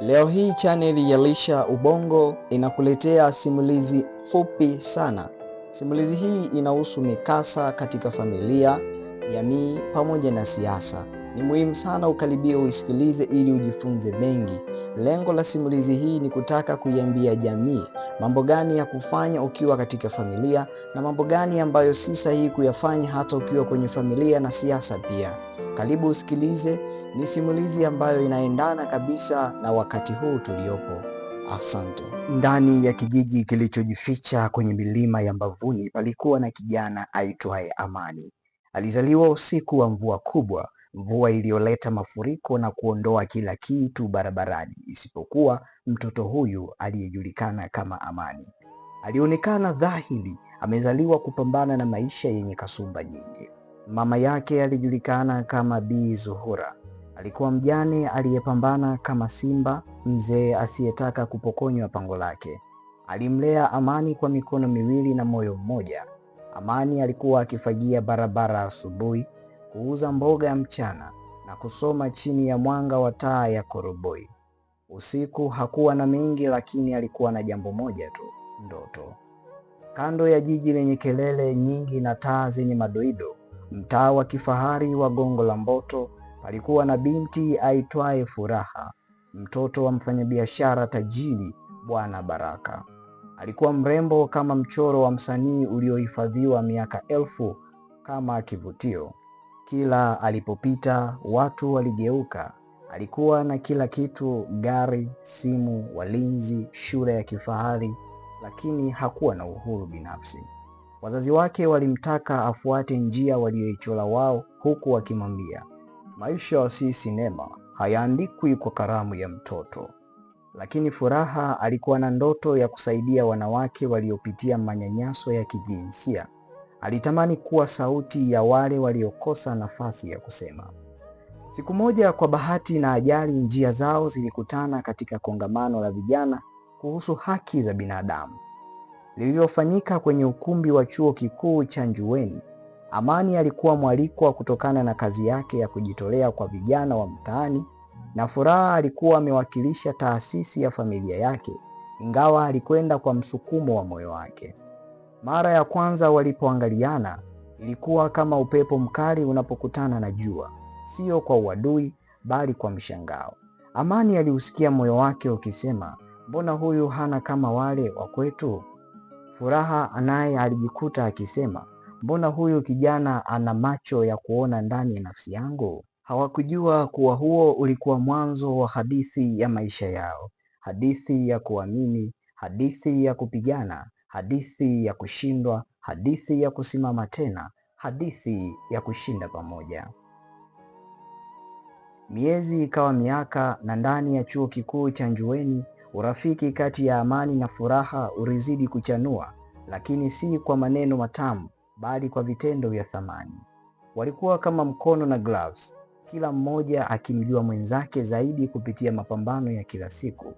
Leo hii chaneli ya Lisha Ubongo inakuletea simulizi fupi sana. Simulizi hii inahusu mikasa katika familia, jamii pamoja na siasa. Ni muhimu sana ukaribia uisikilize ili ujifunze mengi. Lengo la simulizi hii ni kutaka kuiambia jamii mambo gani ya kufanya ukiwa katika familia na mambo gani ambayo si sahihi kuyafanya hata ukiwa kwenye familia na siasa pia. Karibu usikilize ni simulizi ambayo inaendana kabisa na wakati huu tuliopo. Asante. Ndani ya kijiji kilichojificha kwenye milima ya Mbavuni palikuwa na kijana aitwaye Amani. Alizaliwa usiku wa mvua kubwa, mvua iliyoleta mafuriko na kuondoa kila kitu barabarani isipokuwa mtoto huyu aliyejulikana kama Amani. Alionekana dhahiri amezaliwa kupambana na maisha yenye kasumba nyingi. Mama yake alijulikana kama Bi Zuhura Alikuwa mjane aliyepambana kama simba, mzee asiyetaka kupokonywa pango lake. Alimlea Amani kwa mikono miwili na moyo mmoja. Amani alikuwa akifagia barabara asubuhi, kuuza mboga ya mchana na kusoma chini ya mwanga wa taa ya koroboi. Usiku hakuwa na mengi, lakini alikuwa na jambo moja tu, ndoto. Kando ya jiji lenye kelele nyingi na taa zenye madoido, mtaa wa kifahari wa Gongo la Mboto Palikuwa na binti aitwaye Furaha, mtoto wa mfanyabiashara tajiri Bwana Baraka. Alikuwa mrembo kama mchoro wa msanii uliohifadhiwa miaka elfu kama kivutio. Kila alipopita watu waligeuka. Alikuwa na kila kitu: gari, simu, walinzi, shule ya kifahari, lakini hakuwa na uhuru binafsi. Wazazi wake walimtaka afuate njia waliyoichora wao, huku wakimwambia Maisha ya sinema hayaandikwi kwa karamu ya mtoto, lakini Furaha alikuwa na ndoto ya kusaidia wanawake waliopitia manyanyaso ya kijinsia. Alitamani kuwa sauti ya wale waliokosa nafasi ya kusema. Siku moja, kwa bahati na ajali, njia zao zilikutana katika kongamano la vijana kuhusu haki za binadamu lililofanyika kwenye ukumbi wa chuo kikuu cha Njueni Amani alikuwa mwalikwa kutokana na kazi yake ya kujitolea kwa vijana wa mtaani na Furaha alikuwa amewakilisha taasisi ya familia yake, ingawa alikwenda kwa msukumo wa moyo wake. Mara ya kwanza walipoangaliana ilikuwa kama upepo mkali unapokutana na jua, sio kwa uadui bali kwa mshangao. Amani aliusikia moyo wake ukisema, mbona huyu hana kama wale wa kwetu? Furaha anaye alijikuta akisema, Mbona huyu kijana ana macho ya kuona ndani ya nafsi yangu? Hawakujua kuwa huo ulikuwa mwanzo wa hadithi ya maisha yao, hadithi ya kuamini, hadithi ya kupigana, hadithi ya kushindwa, hadithi ya kusimama tena, hadithi ya kushinda pamoja. Miezi ikawa miaka, na ndani ya chuo kikuu cha Njueni urafiki kati ya Amani na Furaha ulizidi kuchanua, lakini si kwa maneno matamu bali kwa vitendo vya thamani. Walikuwa kama mkono na gloves, kila mmoja akimjua mwenzake zaidi kupitia mapambano ya kila siku.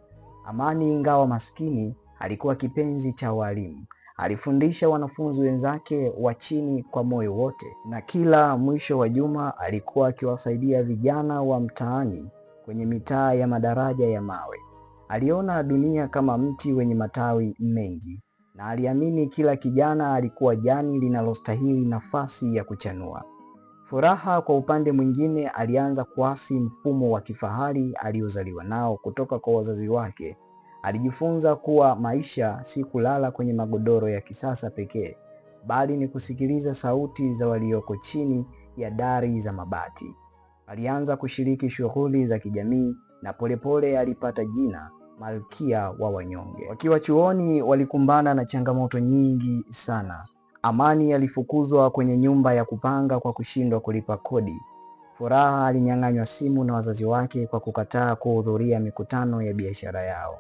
Amani, ingawa maskini, alikuwa kipenzi cha walimu. Alifundisha wanafunzi wenzake wa chini kwa moyo wote, na kila mwisho wa juma alikuwa akiwasaidia vijana wa mtaani kwenye mitaa ya madaraja ya mawe. Aliona dunia kama mti wenye matawi mengi na aliamini kila kijana alikuwa jani linalostahili nafasi ya kuchanua. Furaha kwa upande mwingine, alianza kuasi mfumo wa kifahari aliozaliwa nao kutoka kwa wazazi wake. Alijifunza kuwa maisha si kulala kwenye magodoro ya kisasa pekee, bali ni kusikiliza sauti za walioko chini ya dari za mabati. Alianza kushiriki shughuli za kijamii na polepole alipata jina malkia wa wanyonge. Wakiwa chuoni walikumbana na changamoto nyingi sana. Amani alifukuzwa kwenye nyumba ya kupanga kwa kushindwa kulipa kodi. Furaha alinyang'anywa simu na wazazi wake kwa kukataa kuhudhuria mikutano ya biashara yao.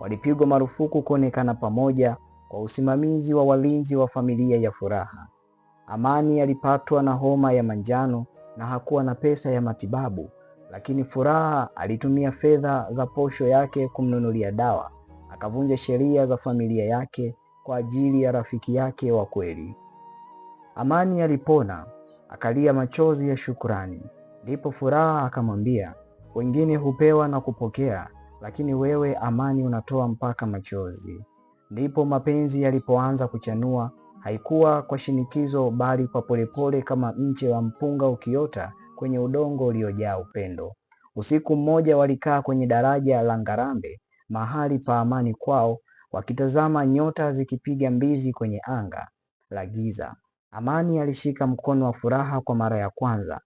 Walipigwa marufuku kuonekana pamoja kwa usimamizi wa walinzi wa familia ya Furaha. Amani alipatwa na homa ya manjano na hakuwa na pesa ya matibabu lakini Furaha alitumia fedha za posho yake kumnunulia dawa, akavunja sheria za familia yake kwa ajili ya rafiki yake wa kweli. Amani alipona, akalia machozi ya shukurani Ndipo Furaha akamwambia, wengine hupewa na kupokea, lakini wewe Amani unatoa mpaka machozi. Ndipo mapenzi yalipoanza kuchanua. Haikuwa kwa shinikizo, bali kwa polepole, kama mche wa mpunga ukiota kwenye udongo uliojaa upendo. Usiku mmoja walikaa kwenye daraja la Ngarambe, mahali pa amani kwao, wakitazama nyota zikipiga mbizi kwenye anga la giza. Amani alishika mkono wa Furaha kwa mara ya kwanza.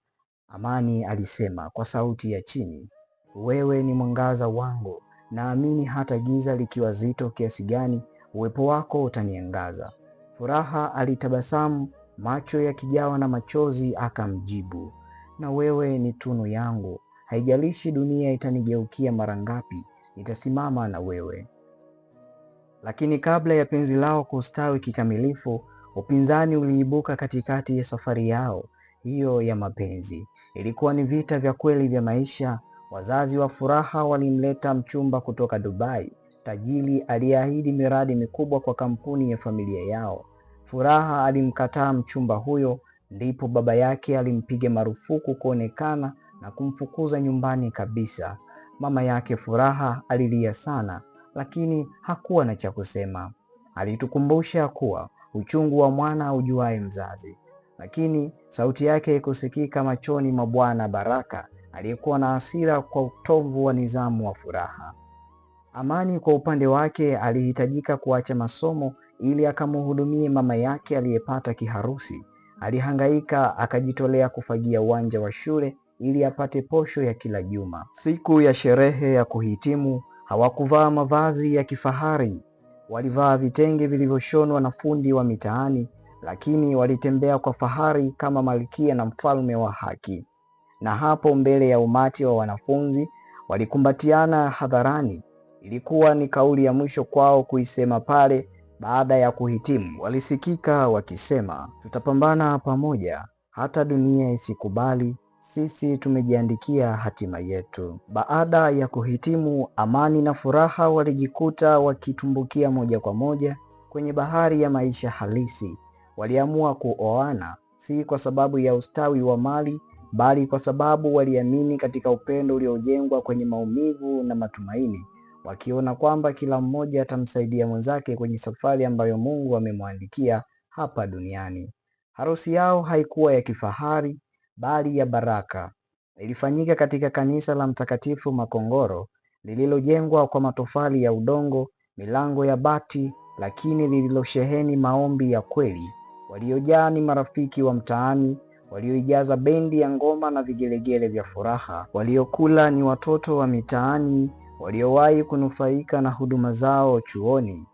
Amani alisema kwa sauti ya chini, wewe ni mwangaza wangu, naamini hata giza likiwa zito kiasi gani, uwepo wako utaniangaza. Furaha alitabasamu, macho yakijawa na machozi, akamjibu na wewe ni tunu yangu. Haijalishi dunia itanigeukia mara ngapi, nitasimama na wewe. Lakini kabla ya penzi lao kustawi kikamilifu, upinzani uliibuka katikati ya safari yao hiyo ya mapenzi. Ilikuwa ni vita vya kweli vya maisha. Wazazi wa Furaha walimleta mchumba kutoka Dubai, tajiri aliyeahidi miradi mikubwa kwa kampuni ya familia yao. Furaha alimkataa mchumba huyo Ndipo baba yake alimpiga marufuku kuonekana na kumfukuza nyumbani kabisa. Mama yake Furaha alilia sana, lakini hakuwa na cha kusema. Alitukumbusha kuwa uchungu wa mwana aujuae mzazi, lakini sauti yake ikusikika machoni mwa Bwana Baraka aliyekuwa na hasira kwa utovu wa nidhamu wa Furaha. Amani kwa upande wake alihitajika kuacha masomo ili akamhudumie mama yake aliyepata kiharusi Alihangaika akajitolea kufagia uwanja wa shule ili apate posho ya kila juma. Siku ya sherehe ya kuhitimu hawakuvaa mavazi ya kifahari, walivaa vitenge vilivyoshonwa na fundi wa mitaani, lakini walitembea kwa fahari kama malkia na mfalme wa haki. Na hapo mbele ya umati wa wanafunzi walikumbatiana hadharani. Ilikuwa ni kauli ya mwisho kwao kuisema pale baada ya kuhitimu, walisikika wakisema, tutapambana pamoja hata dunia isikubali, sisi tumejiandikia hatima yetu. Baada ya kuhitimu, Amani na Furaha walijikuta wakitumbukia moja kwa moja kwenye bahari ya maisha halisi. Waliamua kuoana, si kwa sababu ya ustawi wa mali, bali kwa sababu waliamini katika upendo uliojengwa kwenye maumivu na matumaini wakiona kwamba kila mmoja atamsaidia mwenzake kwenye safari ambayo Mungu amemwandikia hapa duniani. Harusi yao haikuwa ya kifahari bali ya baraka. Ilifanyika katika kanisa la Mtakatifu Makongoro lililojengwa kwa matofali ya udongo, milango ya bati, lakini lililosheheni maombi ya kweli. Waliojaa ni marafiki wa mtaani walioijaza bendi ya ngoma na vigelegele vya furaha. Waliokula ni watoto wa mitaani waliowahi kunufaika na huduma zao chuoni.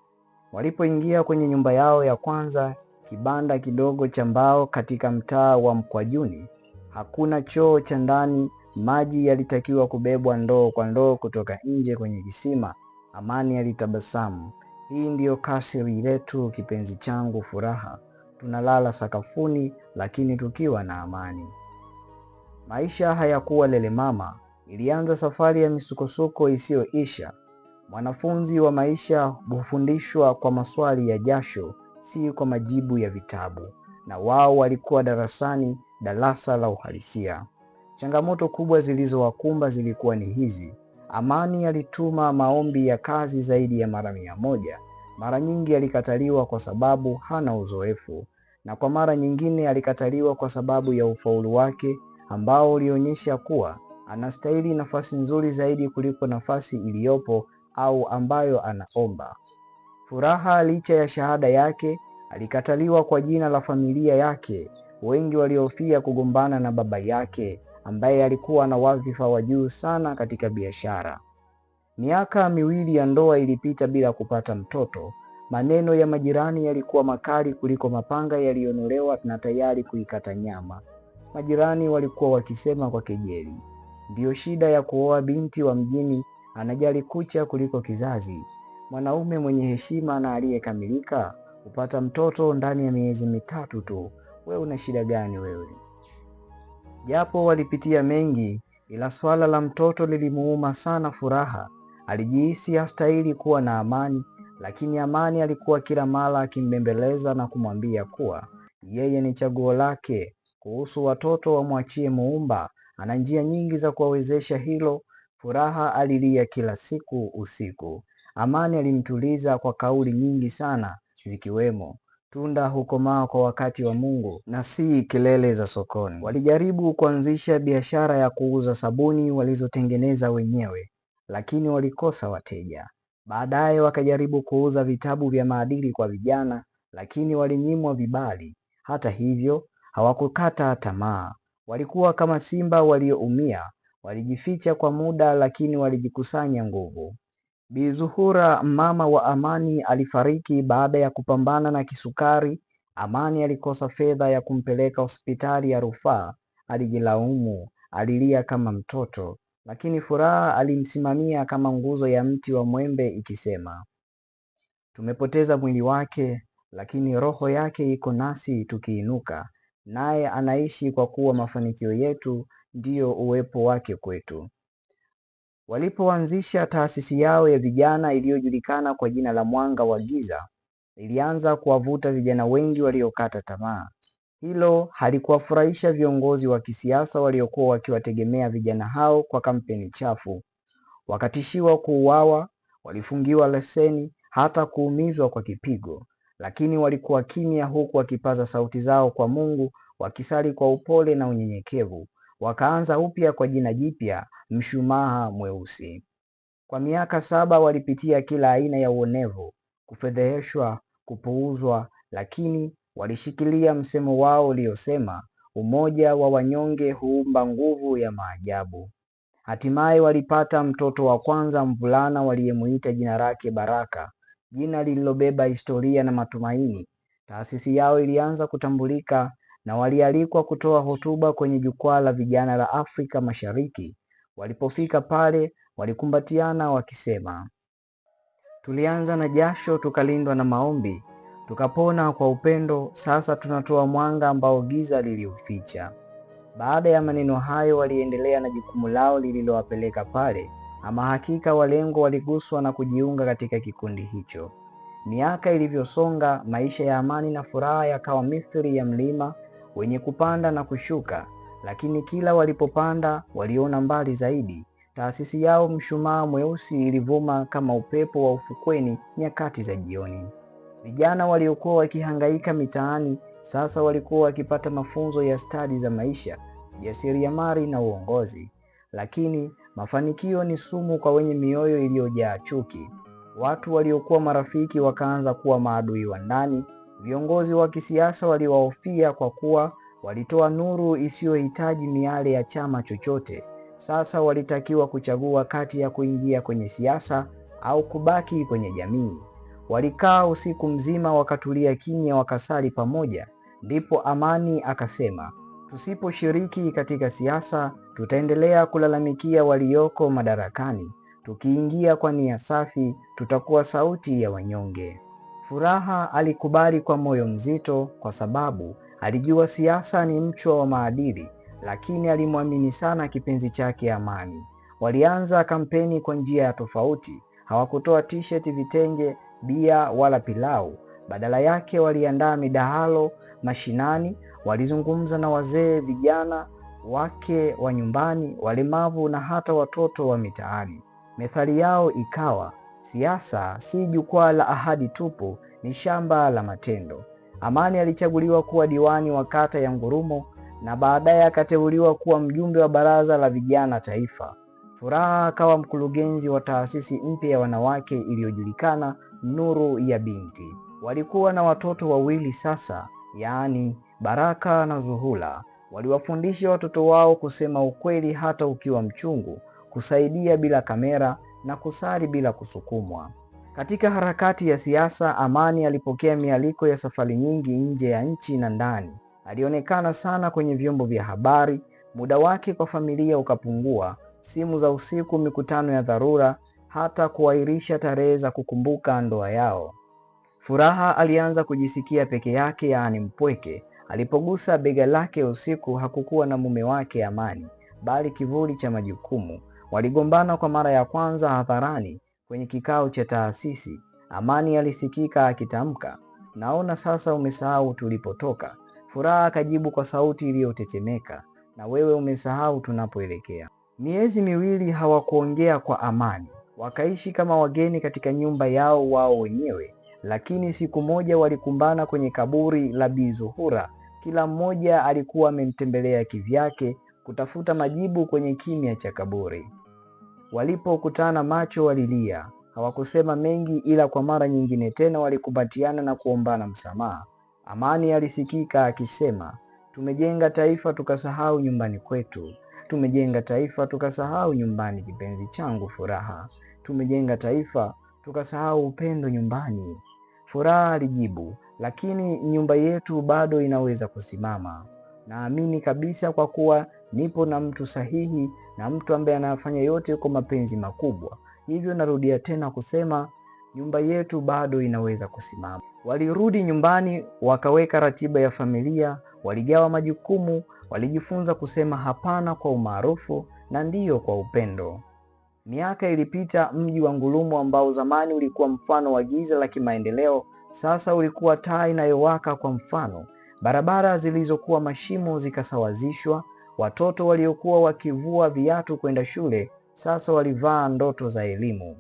Walipoingia kwenye nyumba yao ya kwanza, kibanda kidogo cha mbao katika mtaa wa Mkwajuni, hakuna choo cha ndani. Maji yalitakiwa kubebwa ndoo kwa ndoo kutoka nje kwenye kisima. Amani alitabasamu. Hii ndiyo kasri letu, kipenzi changu Furaha. Tunalala sakafuni, lakini tukiwa na amani. Maisha hayakuwa lelemama, ilianza safari ya misukosuko isiyoisha. Mwanafunzi wa maisha hufundishwa kwa maswali ya jasho, si kwa majibu ya vitabu, na wao walikuwa darasani, darasa la uhalisia. Changamoto kubwa zilizowakumba zilikuwa ni hizi. Amani alituma maombi ya kazi zaidi ya mara mia moja. Mara nyingi alikataliwa kwa sababu hana uzoefu, na kwa mara nyingine alikataliwa kwa sababu ya ufaulu wake ambao ulionyesha kuwa anastahili nafasi nzuri zaidi kuliko nafasi iliyopo au ambayo anaomba. Furaha, licha ya shahada yake, alikataliwa kwa jina la familia yake. Wengi walihofia kugombana na baba yake ambaye alikuwa na wadhifa wa juu sana katika biashara. Miaka miwili ya ndoa ilipita bila kupata mtoto. Maneno ya majirani yalikuwa makali kuliko mapanga yaliyonolewa na tayari kuikata nyama. Majirani walikuwa wakisema kwa kejeli Ndiyo shida ya kuoa binti wa mjini, anajali kucha kuliko kizazi. Mwanaume mwenye heshima na aliyekamilika hupata mtoto ndani ya miezi mitatu tu. Wewe una shida gani wewe? Japo walipitia mengi, ila swala la mtoto lilimuuma sana Furaha. Alijihisi hastahili kuwa na Amani, lakini Amani alikuwa kila mara akimbembeleza na kumwambia kuwa yeye ni chaguo lake. Kuhusu watoto wamwachie Muumba, ana njia nyingi za kuwawezesha hilo. Furaha alilia kila siku usiku. Amani alimtuliza kwa kauli nyingi sana zikiwemo tunda hukomaa kwa wakati wa Mungu na si kelele za sokoni. Walijaribu kuanzisha biashara ya kuuza sabuni walizotengeneza wenyewe, lakini walikosa wateja. Baadaye wakajaribu kuuza vitabu vya maadili kwa vijana, lakini walinyimwa vibali. Hata hivyo, hawakukata tamaa. Walikuwa kama simba walioumia, walijificha kwa muda lakini walijikusanya nguvu. Bi Zuhura mama wa Amani alifariki baada ya kupambana na kisukari. Amani alikosa fedha ya kumpeleka hospitali ya rufaa, alijilaumu, alilia kama mtoto, lakini Furaha alimsimamia kama nguzo ya mti wa mwembe ikisema, tumepoteza mwili wake lakini roho yake iko nasi tukiinuka naye anaishi kwa kuwa mafanikio yetu ndiyo uwepo wake kwetu. Walipoanzisha taasisi yao ya vijana iliyojulikana kwa jina la Mwanga wa Giza, ilianza kuwavuta vijana wengi waliokata tamaa. Hilo halikuwafurahisha viongozi wa kisiasa waliokuwa wakiwategemea vijana hao kwa kampeni chafu. Wakatishiwa kuuawa, walifungiwa leseni, hata kuumizwa kwa kipigo lakini walikuwa kimya, huku wakipaza sauti zao kwa Mungu, wakisali kwa upole na unyenyekevu. Wakaanza upya kwa jina jipya, mshumaa mweusi. Kwa miaka saba walipitia kila aina ya uonevu, kufedheheshwa, kupuuzwa, lakini walishikilia msemo wao uliosema, umoja wa wanyonge huumba nguvu ya maajabu. Hatimaye walipata mtoto wa kwanza, mvulana waliyemuita jina lake Baraka, jina lililobeba historia na matumaini. Taasisi yao ilianza kutambulika na walialikwa kutoa hotuba kwenye jukwaa la vijana la Afrika Mashariki. Walipofika pale, walikumbatiana wakisema, tulianza na jasho, tukalindwa na maombi, tukapona kwa upendo. Sasa tunatoa mwanga ambao giza liliuficha. Baada ya maneno hayo, waliendelea na jukumu lao lililowapeleka pale. Ama hakika walengo waliguswa na kujiunga katika kikundi hicho. Miaka ilivyosonga, maisha ya amani na furaha yakawa mithili ya mlima wenye kupanda na kushuka, lakini kila walipopanda waliona mbali zaidi. Taasisi yao mshumaa mweusi ilivuma kama upepo wa ufukweni nyakati za jioni. Vijana waliokuwa wakihangaika mitaani sasa walikuwa wakipata mafunzo ya stadi za maisha, mari na uongozi, lakini Mafanikio ni sumu kwa wenye mioyo iliyojaa chuki. Watu waliokuwa marafiki wakaanza kuwa maadui wa ndani. Viongozi wa kisiasa waliwahofia kwa kuwa walitoa nuru isiyohitaji miale ya chama chochote. Sasa walitakiwa kuchagua kati ya kuingia kwenye siasa au kubaki kwenye jamii. Walikaa usiku mzima, wakatulia kimya, wakasali pamoja. Ndipo Amani akasema Tusiposhiriki katika siasa, tutaendelea kulalamikia walioko madarakani. Tukiingia kwa nia safi, tutakuwa sauti ya wanyonge. Furaha alikubali kwa moyo mzito, kwa sababu alijua siasa ni mchwa wa maadili, lakini alimwamini sana kipenzi chake Amani. Walianza kampeni kwa njia ya tofauti. Hawakutoa tisheti, vitenge, bia wala pilau. Badala yake waliandaa midahalo mashinani, walizungumza na wazee, vijana, wake wa nyumbani, walemavu na hata watoto wa mitaani. Methali yao ikawa siasa si jukwaa la ahadi tupu, ni shamba la matendo. Amani alichaguliwa kuwa diwani wa kata ya Ngurumo na baadaye akateuliwa kuwa mjumbe wa baraza la vijana taifa. Furaha akawa mkurugenzi wa taasisi mpya ya wanawake iliyojulikana Nuru ya Binti. Walikuwa na watoto wawili sasa yaani Baraka na zuhula waliwafundisha watoto wao kusema ukweli hata ukiwa mchungu, kusaidia bila kamera na kusali bila kusukumwa. Katika harakati ya siasa, Amani alipokea mialiko ya safari nyingi nje ya nchi na ndani. Alionekana sana kwenye vyombo vya habari, muda wake kwa familia ukapungua, simu za usiku, mikutano ya dharura, hata kuahirisha tarehe za kukumbuka ndoa yao. Furaha alianza kujisikia peke yake, yaani mpweke. Alipogusa bega lake usiku, hakukuwa na mume wake Amani, bali kivuli cha majukumu. Waligombana kwa mara ya kwanza hadharani kwenye kikao cha taasisi. Amani alisikika akitamka, naona sasa umesahau tulipotoka. Furaha akajibu kwa sauti iliyotetemeka, na wewe umesahau tunapoelekea. Miezi miwili hawakuongea kwa amani, wakaishi kama wageni katika nyumba yao wao wenyewe. Lakini siku moja walikumbana kwenye kaburi la Bi Zuhura. Kila mmoja alikuwa amemtembelea kivyake kutafuta majibu kwenye kimya cha kaburi. Walipokutana macho walilia, hawakusema mengi, ila kwa mara nyingine tena walikumbatiana na kuombana msamaha. Amani alisikika akisema, tumejenga taifa tukasahau nyumbani kwetu, tumejenga taifa tukasahau nyumbani, kipenzi changu Furaha, tumejenga taifa tukasahau upendo nyumbani. Furaha alijibu, lakini nyumba yetu bado inaweza kusimama. Naamini kabisa kwa kuwa nipo na mtu sahihi na mtu ambaye anafanya yote kwa mapenzi makubwa. Hivyo narudia tena kusema nyumba yetu bado inaweza kusimama. Walirudi nyumbani, wakaweka ratiba ya familia, waligawa majukumu, walijifunza kusema hapana kwa umaarufu na ndiyo kwa upendo. Miaka ilipita, mji wa Ngulumo ambao zamani ulikuwa mfano wa giza la kimaendeleo, sasa ulikuwa taa inayowaka kwa mfano. Barabara zilizokuwa mashimo zikasawazishwa. Watoto waliokuwa wakivua viatu kwenda shule sasa walivaa ndoto za elimu.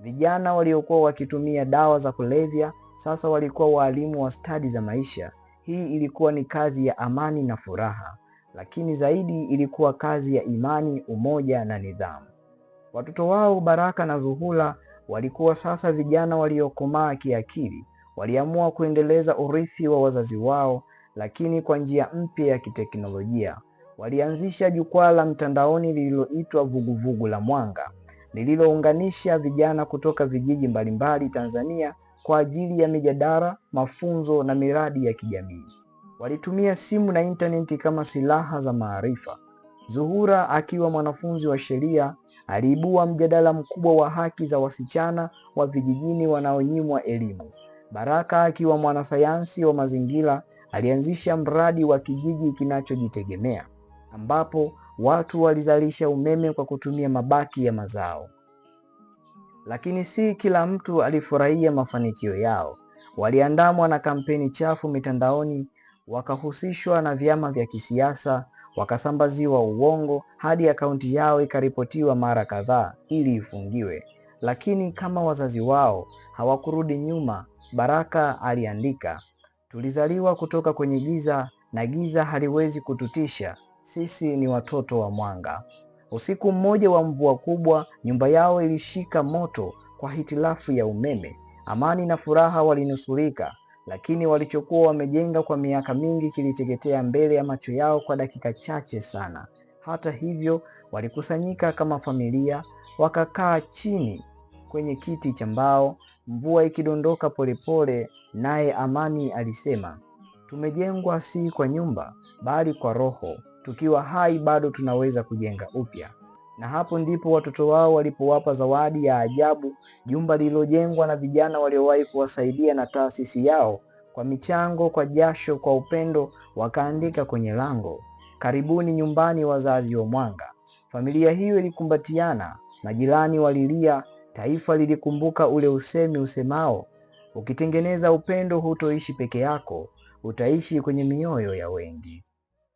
Vijana waliokuwa wakitumia dawa za kulevya sasa walikuwa waalimu wa stadi za maisha. Hii ilikuwa ni kazi ya amani na furaha, lakini zaidi ilikuwa kazi ya imani, umoja na nidhamu. Watoto wao Baraka na Zuhura walikuwa sasa vijana waliokomaa kiakili. Waliamua kuendeleza urithi wa wazazi wao, lakini kwa njia mpya ya kiteknolojia. Walianzisha jukwaa la mtandaoni lililoitwa Vuguvugu la Mwanga, lililounganisha vijana kutoka vijiji mbalimbali Tanzania kwa ajili ya mijadala, mafunzo na miradi ya kijamii. Walitumia simu na intaneti kama silaha za maarifa. Zuhura akiwa mwanafunzi wa sheria aliibua mjadala mkubwa wa haki za wasichana wa vijijini wanaonyimwa elimu. Baraka akiwa mwanasayansi wa mazingira alianzisha mradi wa kijiji kinachojitegemea ambapo watu walizalisha umeme kwa kutumia mabaki ya mazao. Lakini si kila mtu alifurahia mafanikio yao. Waliandamwa na kampeni chafu mitandaoni, wakahusishwa na vyama vya kisiasa wakasambaziwa uongo hadi akaunti yao ikaripotiwa mara kadhaa ili ifungiwe. Lakini kama wazazi wao hawakurudi nyuma, Baraka aliandika, tulizaliwa kutoka kwenye giza na giza haliwezi kututisha, sisi ni watoto wa mwanga. Usiku mmoja wa mvua kubwa, nyumba yao ilishika moto kwa hitilafu ya umeme. Amani na furaha walinusurika, lakini walichokuwa wamejenga kwa miaka mingi kiliteketea mbele ya macho yao kwa dakika chache sana. Hata hivyo, walikusanyika kama familia, wakakaa chini kwenye kiti cha mbao, mvua ikidondoka polepole. Naye Amani alisema, tumejengwa si kwa nyumba, bali kwa Roho. Tukiwa hai bado tunaweza kujenga upya na hapo ndipo watoto wao walipowapa zawadi ya ajabu jumba lililojengwa na vijana waliowahi kuwasaidia na taasisi yao kwa michango, kwa jasho, kwa upendo. Wakaandika kwenye lango, karibuni nyumbani, wazazi wa Mwanga. Familia hiyo ilikumbatiana, majirani walilia, taifa lilikumbuka ule usemi usemao, ukitengeneza upendo hutoishi peke yako, utaishi kwenye mioyo ya wengi.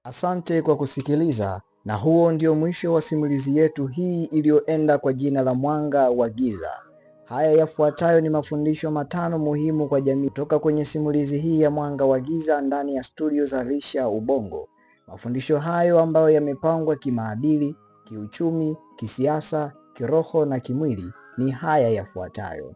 Asante kwa kusikiliza. Na huo ndio mwisho wa simulizi yetu hii iliyoenda kwa jina la Mwanga wa Giza. Haya yafuatayo ni mafundisho matano muhimu kwa jamii toka kwenye simulizi hii ya Mwanga wa Giza ndani ya studio za risha Ubongo. Mafundisho hayo ambayo yamepangwa kimaadili, kiuchumi, kisiasa, kiroho na kimwili ni haya yafuatayo.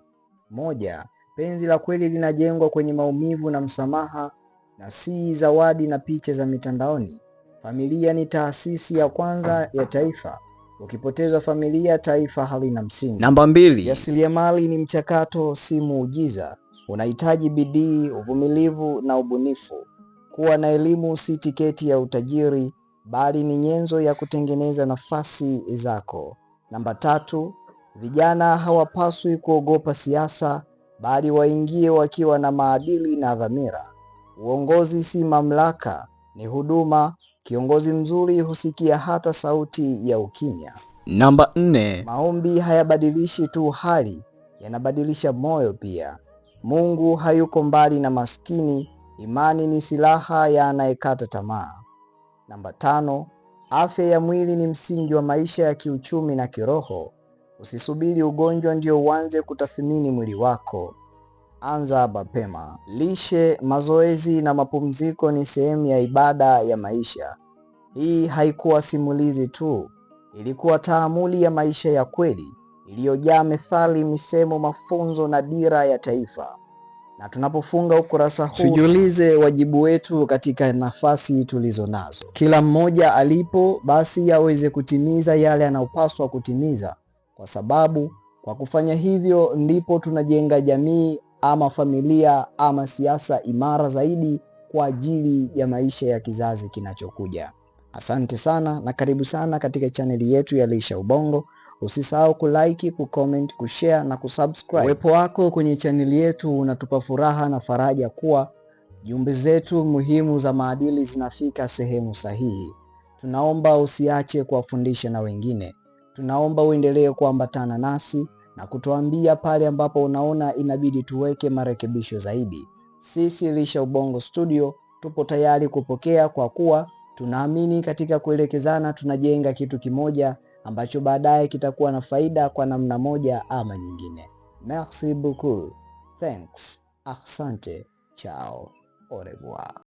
Moja, penzi la kweli linajengwa kwenye maumivu na msamaha na si zawadi na picha za mitandaoni. Familia ni taasisi ya kwanza ya taifa. Ukipoteza familia, taifa halina msingi. Namba mbili, mali ni mchakato, si muujiza. Unahitaji bidii, uvumilivu na ubunifu. Kuwa na elimu si tiketi ya utajiri, bali ni nyenzo ya kutengeneza nafasi zako. Namba tatu, vijana hawapaswi kuogopa siasa, bali waingie wakiwa na maadili na dhamira. Uongozi si mamlaka, ni huduma. Kiongozi mzuri husikia hata sauti ya ukimya. Namba nne, maombi hayabadilishi tu hali, yanabadilisha moyo pia. Mungu hayuko mbali na maskini. Imani ni silaha ya anayekata tamaa. Namba tano, afya ya mwili ni msingi wa maisha ya kiuchumi na kiroho. Usisubiri ugonjwa ndio uanze kutathmini mwili wako. Anza mapema. Lishe, mazoezi na mapumziko ni sehemu ya ibada ya maisha. Hii haikuwa simulizi tu, ilikuwa taamuli ya maisha ya kweli iliyojaa methali, misemo, mafunzo na dira ya taifa. Na tunapofunga ukurasa huu, tujiulize wajibu wetu katika nafasi tulizo nazo. Kila mmoja alipo, basi aweze kutimiza yale anayopaswa kutimiza, kwa sababu kwa kufanya hivyo ndipo tunajenga jamii ama familia ama siasa imara zaidi kwa ajili ya maisha ya kizazi kinachokuja. Asante sana na karibu sana katika chaneli yetu ya Lisha Ubongo. Usisahau kulike, kucomment, kushare na kusubscribe. Uwepo wako kwenye chaneli yetu unatupa furaha na faraja kuwa jumbe zetu muhimu za maadili zinafika sehemu sahihi. Tunaomba usiache kuwafundisha na wengine. Tunaomba uendelee kuambatana nasi na kutuambia pale ambapo unaona inabidi tuweke marekebisho zaidi. Sisi Lisha Ubongo Studio tupo tayari kupokea, kwa kuwa tunaamini katika kuelekezana tunajenga kitu kimoja ambacho baadaye kitakuwa na faida kwa namna moja ama nyingine. Merci beaucoup. Thanks. Asante. Chao. Au revoir.